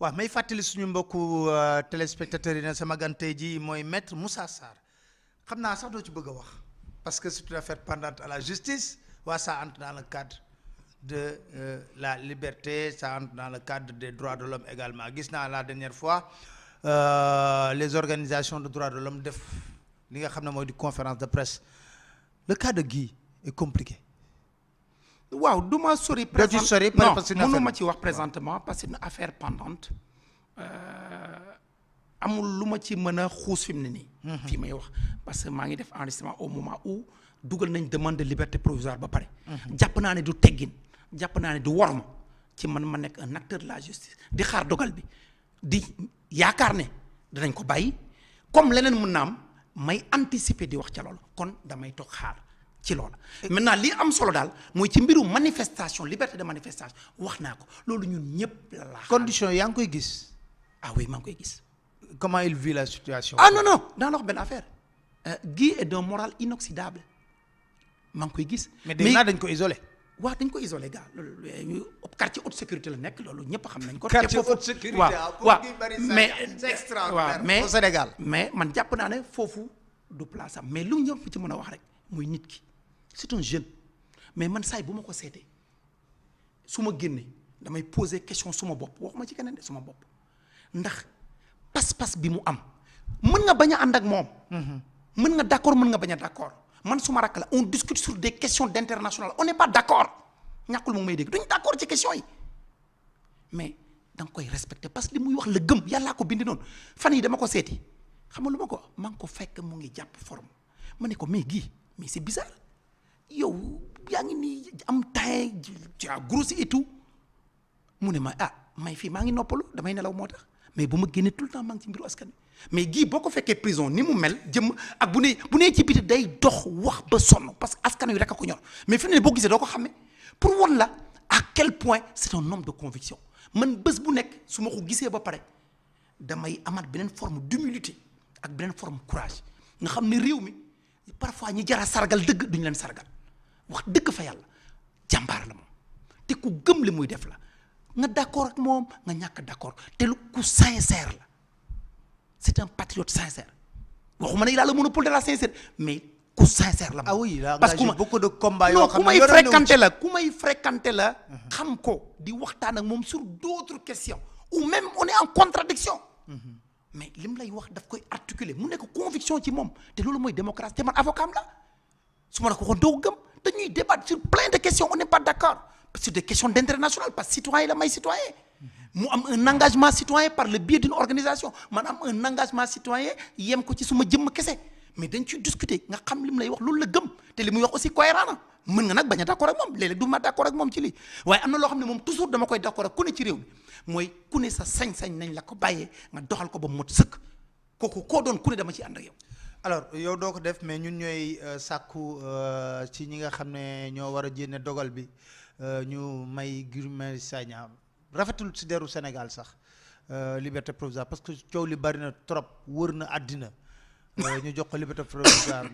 waaw may fàttali suñu mbokku euh, téléspectateurs yi ne sama gan tey jii mooy maître Moussa Sarr xam naa sax doo ci bëgg a wax parce que c'est une affaire pendante à la justice waa ça entre dans le cadre de euh, la liberté ça entre dans le cadre de droits de l'homme également gis naa la dernière fois euh, les organisations de droits de l'homme def li nga xam ne mooy di conférence de presse le cas de Guy compliqué waaw du ma sori. présent sori non ma ci wax présentement parce que une affaire pendante euh, amul lu ma ci mën a xuus fi mu ne nii. Mhm. fii may wax parce que maa ngi def en enregistrement au moment où dugal nañ demande de liberté provisoire ba pare. Mhm. jàpp naa ne du teggin jàpp naa ne du worma ci man ma nekk un acteur de la justice di xaar dogal bi di yaakaar ne danañ ko bàyyi comme leneen mën na am may anticiper di wax ca loolu kon damay toog xaar. ci loola maintenant li am solo daal mooy ci mbiru manifestation liberté de manifestation wax naa ko loolu ñun ñëpp la laa condition yaa ngi koy gis ah oui maa ngi koy gis comment il vit la situation ah non non dans leur benn affaire euh, Guy est d'un moral inoxydable maa ngi koy gis mais dégg naa dañ ko isolé waaw dañ ko isolé gars loolu euh, quartier haute sécurité la nekk loolu ñëpp xam nañ ko. quartier haute sécurité waaw ah, waaw mais mais Sénégal mais man jàpp naa ne foofu du place mais lu ñëpp ci mën a wax rek muy nit ki. c'est un jeune mais man saay bu ma ko seetee su ma génnee damay pose question suma bopp waxuma ci keneen de suma bopp ndax pas-pas bi mu am mën nga bañ a ànd ak moom. Mhm. mën nga d'accord mën nga bañ a d'accord man suma rakk la on discute sur des questions d'international on n'est pas d'accord ñàkkul mu may dégg duñ d'accord ci questions yi mais da nga koy respecter parce que li muy wax la gëm yàllaa ko bindi noonu fan yi dama ko seeti xam nga lu ma ko maa ngi ko fekk mu ngi jàpp forme ma ne ko mais yow yaa ngi nii am temps tu as grossi et tout mu ne ma ah may fii maa ngi noppalu damay nelaw moo tax mais bu ma génnee tout le temps maa ngi ci mbiru askan mais gii boo ko fekkee prison ni mu mel jëm ak bu ne bu nee day dox wax ba sonn parce que askan wi rek a ko ñor mais ne gisee doo ko xamee pour wan la à quel point c'est un de conviction man bés bu nekk su ma ko gisee ba pare damay amaat beneen forme d'humilité ak beneen forme courage nga xam ne réew mi parfois ñi jara sargal dëgg duñu leen sargal wax dëkk fa yàlla jàmbaar la moom te ku gëm li muy def la nga d'accord ak moom nga ñàkk d'accord telu lu ku sincère la c'est un patriote sincère waxuma ne il a le monopole de la sincère mais ku sincère la. ah oui parce que beaucoup de combats yoo xam ne ku la ku may fréquenté la. Mhm. xam ko di waxtaan ak moom sur d'autres questions ou même on est en contradiction mhm. mais lim lay wax daf koy articuler mu nekk conviction ci moom te loolu mooy démocratie te man avocat am la su ma la ko waxoon doo gëm. dañuy débattre sur plein de questions on n'est pas d'accord sur des questions d'intérêt national parce que citoyen la may citoyen mu am un engagement citoyen par le biais d'une organisation man am un citoyen yem ko ci suma jëmm kese mais dañ ciy discuter nga xam li mu lay wax loolu la gëm te li muy wax aussi cohérent na mën nga nag bañ a d'accord ak moom léeg-léeg du d'accord ak moom ci lii am na loo xam ne moom toujours dama koy d'accord ak ku ne mooy ku ne sa sañ-sañ la ko bàyyee nga doxal ko ba mot sëkk kooku koo doon ku ne dama ciy ànd ak yow alors yow doo ko def mais ñun ñooy euh, sàkku euh, ci ñi nga xam ne ñoo war a jénne dogal bi euh, ñu may Guy Marius rafetul si deru Sénégal sax liberté provisoire parce que coow li bari na trop wër na àddina ñu jox ko liberté provisoire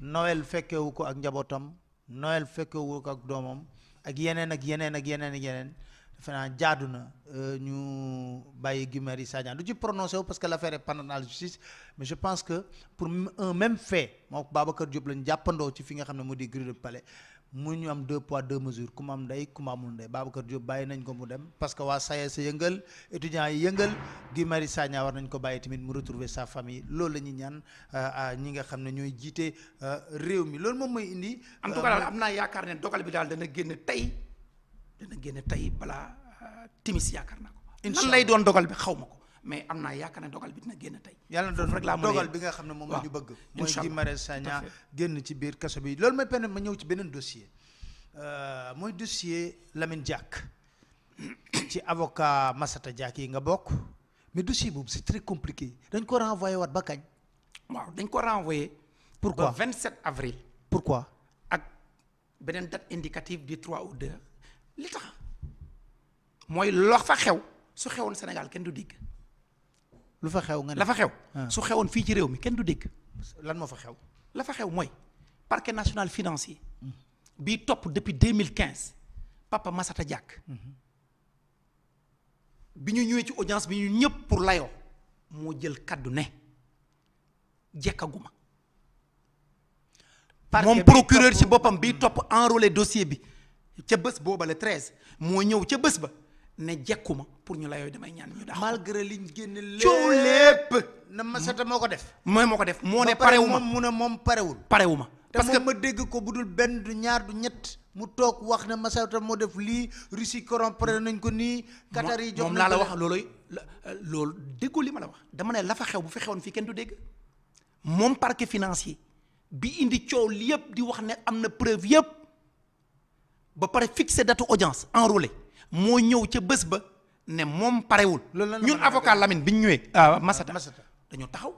Noël fekkewu ko ak njabootam Noël fekkewu ko ak doomam ak yeneen ak yeneen ak yeneen ak yeneen defe naa na euh, ñu bàyyi Guy Marius Sagna du ci prononcé wu parce que l'affaire est pendant la justice mais je pense que pour un même fait moo Babacar Diop lañ jàppandoo ci fi nga xam ne moo di grille de palais mu ñu am deux poids deux mesures ku mu am ndey ku ndey Babacar Diop bàyyi nañ ko mu dem parce que waa SAES e yëngal étudiants yi yëngal Guy Marius Sagna war nañ ko bàyyi tamit mu retrouver sa famille loolu la ñuy ñaan euh, ñi nga xam ne ñooy jiite euh, réew mi loolu moom mooy indi. am naa yaakaar ne dogal bi daal génn tey. dana génn tey balaa euh, timis yaakaar naa ko. incha nan lay doon dogal bi xaw ma ko mais am naa yaakaar ne dogal bi dina génn tey. yàlla na doon rek laa nga xam ne moom la ñu bëgg. mooy Guy Marius Sagna génn ci biir kaso bi loolu mooy permettre ma ñëw ci beneen dossier euh, mooy dossier Lamine Diack ci avocat Massata Diack yi nga bokk mais dossier boobu c'est très compliqué dañ ko renvoyé waat ba kañ. waaw dañ ko renvoyé. pourquoi ba 27 avril. pourquoi ak beneen date indicative du 3 ou 2. li tax mooy lox fa xew su xewoon Sénégal kenn du dégg. lu fa xew nga ne la fa xew. Ah. su xewoon fii ci réew mi kenn du dégg. lan moo fa xew. la fa xew mooy parquet national financier. bii topp depuis deux mille quinze Papa Massata Diack. Mm-hmm. bi ñu ñëwee ci audience bi ñu ñëpp pour layoo moo jël kaddu ne jekkaguma. moom procureur ci boppam bii mm-hmm. topp enrôlé dossier bi. ca bés booba le treize moo ñëw ca bés ba ne jekkuma pour ñu la yooyu damay ñaan ñu dax malgré liñ génn lépp coow lépp na Massata moo ko def mooy moo ko def moo ne parewuma mu ne moom parewul parewuma parce que ma dégg ko bu dul benn du ñaar du ñett mu toog wax ne Massata moo def lii Russie corrompre nañ ko nii Qatar yi jox moom laa la wax looloy loolu déggoo li ma la wax dama ne la fa xew bu fi xewoon fii kenn du dégg moom parquet financier bi indi coow li yëpp di wax ne am na preuve yëpp ba pare fixé datu audience enrôlé moo ñëw ca bés ba ne moom parewul ñun avocat Lamine bi ñu ñëwee ah, ah, Massata dañoo taxaw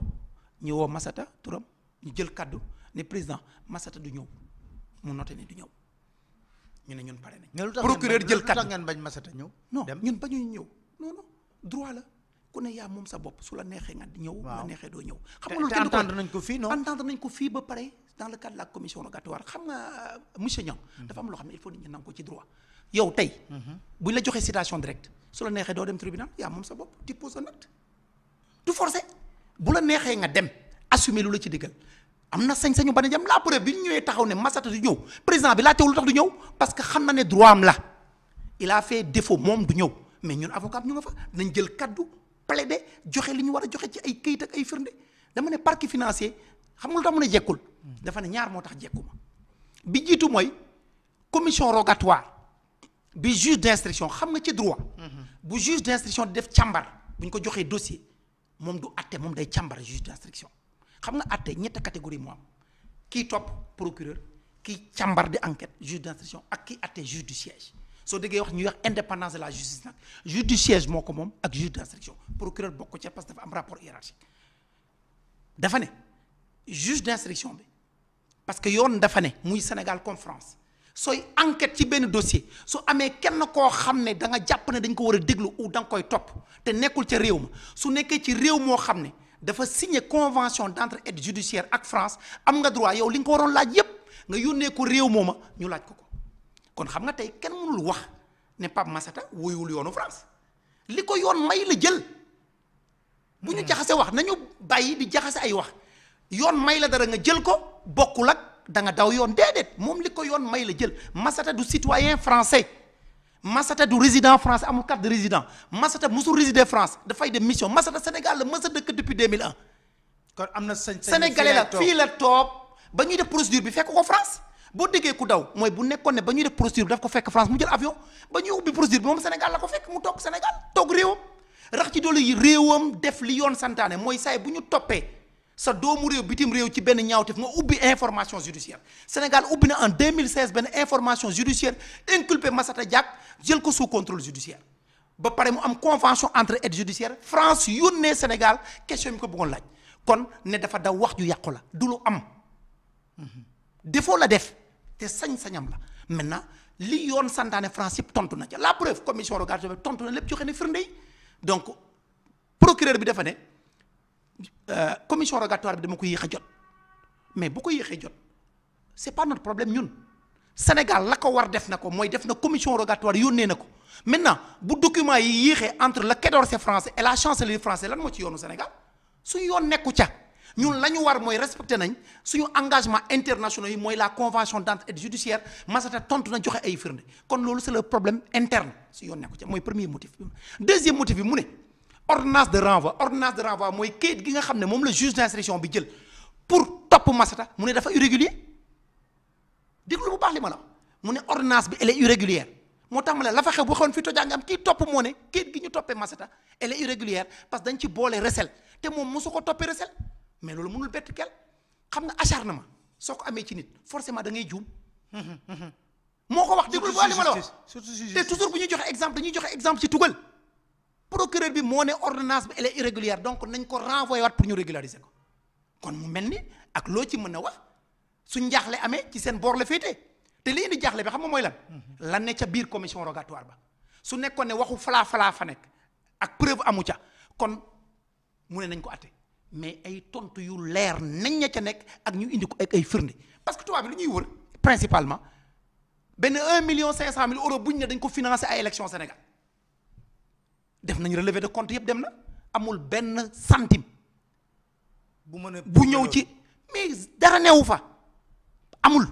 ñu woo Massata turam ñu jël kaddu ne président Massata du ñëw mu noté ne du ñëw ñu ne ñun pare nañ procureur jël kaddu bañ Massata ñëw non ñun bañuñu ñëw non droit la ku ne yaa moom sa bopp su la neexee nga ñëw. waaw la neexee doo ñëw. xam nga loolu kenn ko fii non entendre nañ ko fii ba pare dans le cadre la commission rogatoire xam nga euh, monsieur Niang. Mhm. dafa am loo xam ne ko ci droit. yow tey. Mhm. su la neexee doo sa bopp tu poses du forcé bu la neexee nga dem assumer lu la ci diggal am na sañ-sañu ba ne jam la preuve bi ñu ñëwee taxaw ne Massata du ñëw président bi laa teewul lu tax du ñëw parce que xam na ne droit am la il a fait défaut moom du ñëw mais ñun avocat ñu nga fa nañ jël kaddu. plaider joxe li ñu war a joxe ci ay këyit ak ay firnde dama ne parquet financier xam nga lu tax mu ne jekkul dafa ne ñaar moo tax jekkuma bi jiitu mooy commission rogatoire bi juge d'instruction xam nga ci droit bu juge d'instruction di def càmbar bu ñu ko joxee dossier moom du atte moom day càmbar juge d'instruction xam nga atte ñett catégorie moo am kii topp procureur kii càmbar di enquête juge d'instruction ak kii atte juge du siège soo déggee wax ñu wax indépendance de la justice nag juge moo ko moom ak juge d'instruction procureur bokk ca parce que dafa am rapport hiérarchique dafa ne juge d'instruction bi parce que yoon dafa ne muy Sénégal confrance France sooy enquête ci benn dossier su amee kenn koo xam ne da nga jàpp ne dañ ko war a déglu ou da nga koy topp te nekkul ca réew ma su nekkee ci réew moo xam ne dafa signé convention d'entraide judiciaire ak France am nga droit yow li nga ko waroon laaj yépp nga yónnee ko réew mooma ñu laaj kon xam nga tey kenn mënul wax ne Pape Massata woyul yoonu France li ko yoon may la jël bu ñu hmm. jaxasee wax nañu bàyyi di jaxase ay wax yoon may la dara nga jël ko bokkul ak da nga daw yoon déedéet moom li ko yoon may la jël Massata du citoyen français Massata du résident France amul carte de résident Massata musul résider France dafay dem mission Massata Sénégal la mës a dëkk depuis 2001. kon am na sañ-sañ sénégalais la fii la toog ba ñuy def procédure bi fekk ko France. boo déggee ku daw mooy bu nekkoon ne ba ñuy def procédure bi daf ko fekk France mu jël avion ba ñuy ubbi procédure bi moom Sénégal la ko fekk mu toog Sénégal toog réewam rax ci doolu yi réewam def li yoon santaane mooy saay bu ñu toppee sa doomu réew bitim réew ci benn ñaawteef nga ubbi information judiciaire Sénégal ubbi na en 2016 benn information judiciaire inculpé Massata Diack jël ko sous contrôle judiciaire ba pare mu am convention entre aide judiciaire France yónnee Sénégal question bi ko bëggoon laaj kon ne dafa daw wax ju yàqu la du lu am défaut la def te sañ-sañam la maintenant li yoon santaane France yëpp tontu na ca la preuve commission rogative bi tontu na lépp joxe ne donc procureur bi dafa ne euh, commission rogatoire bi dama ko yéex a jot mais bu ko yéexee jot c'est pas notre problème ñun Sénégal la ko war def na ko mooy def na commission rogatoire yónnee na ko maintenant bu document yi yéexee entre le Quai d'Orsay français et la chancellerie française lan moo ci yoonu Sénégal su yoon nekku ca. ñun la ñu war mooy respecté nañ suñu engagement internationaux yi mooy la convention d'entraide judiciaire Massata tontu na joxe ay firnde kon loolu c'est le problème interne si yoon nekk ci mooy premier motif bi deuxième motif bi mu ne ordonnance de renvoi ordonnance de mooy kayit gi nga xam ne moom la juge d'instruction bi jël pour topp Massata mu ne dafa irrégulier déglu bu baax li ma la mu ne ordonnance bi elle est moo tax ma ne la fa xew bu xewoon fi tojaa am kii topp moo ne kayit gi ñu toppe Massata elle est irrégulière parce que dañ ci boole recel te moom mosu ko toppee recel mais loolu mënul bett kel xam nga ma soo ko amee ci nit forcément da ngay juum. moo ko wax déglu bu li ma la wax te toujours bu ñu joxe exemple dañuy joxe exemple ci tugal procureur bi moo ne ordonnance bi elle est irrégulière donc nañ ko renvoyé waat pour ñu régulariser ko kon mu mel ni ak loo ci mën a wax suñ jaaxle amee ci seen boor la féetee te li indi jaaxle bi xam ma mooy lan lan ne ca biir commission rogatoire ba su nekkoon ne waxu falaa falaa fa nekk ak preuve amu ca kon mu ne nañ ko atte mais ay tontu yu leer nañ ña ca nekk ak ñu indi ko ak ay firnde parce que tubaab bi lu ñuy wër principalement benn un million cinq cent mille euros buñ ne dañ ko financé ay élection def nañ relevé de compte yëpp dem na amul benn centime. bu mën bu ñëw ci mais dara newu fa amul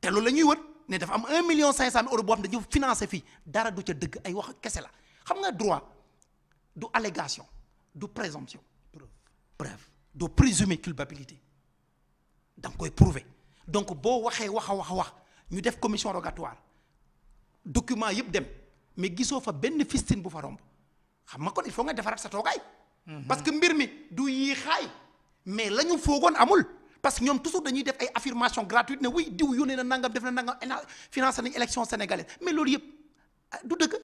te ñuy wër ne dafa am un million cinq cent mille euros dañu financé fii dara du ca dëgg ay wax kese la xam nga droit du allégation. du présomption preuve preuve du présumer culpabilité da koy prouver donc boo waxee wax a wax a wax ñu def commission rogatoire document yëpp dem mais gisoo fa benn fistine bu fa romb xam nga kon il faut nga defaraat sa toogaay. Mhm. parce que mbir mi du yii xaay mais la ñu foogoon amul. parce que ñoom toujours dañuy def ay affirmation gratuite ne wuy diw yónnee na nangam def na nangam financé nañu élection sénégalaise mais loolu yëpp ah, du dëgg.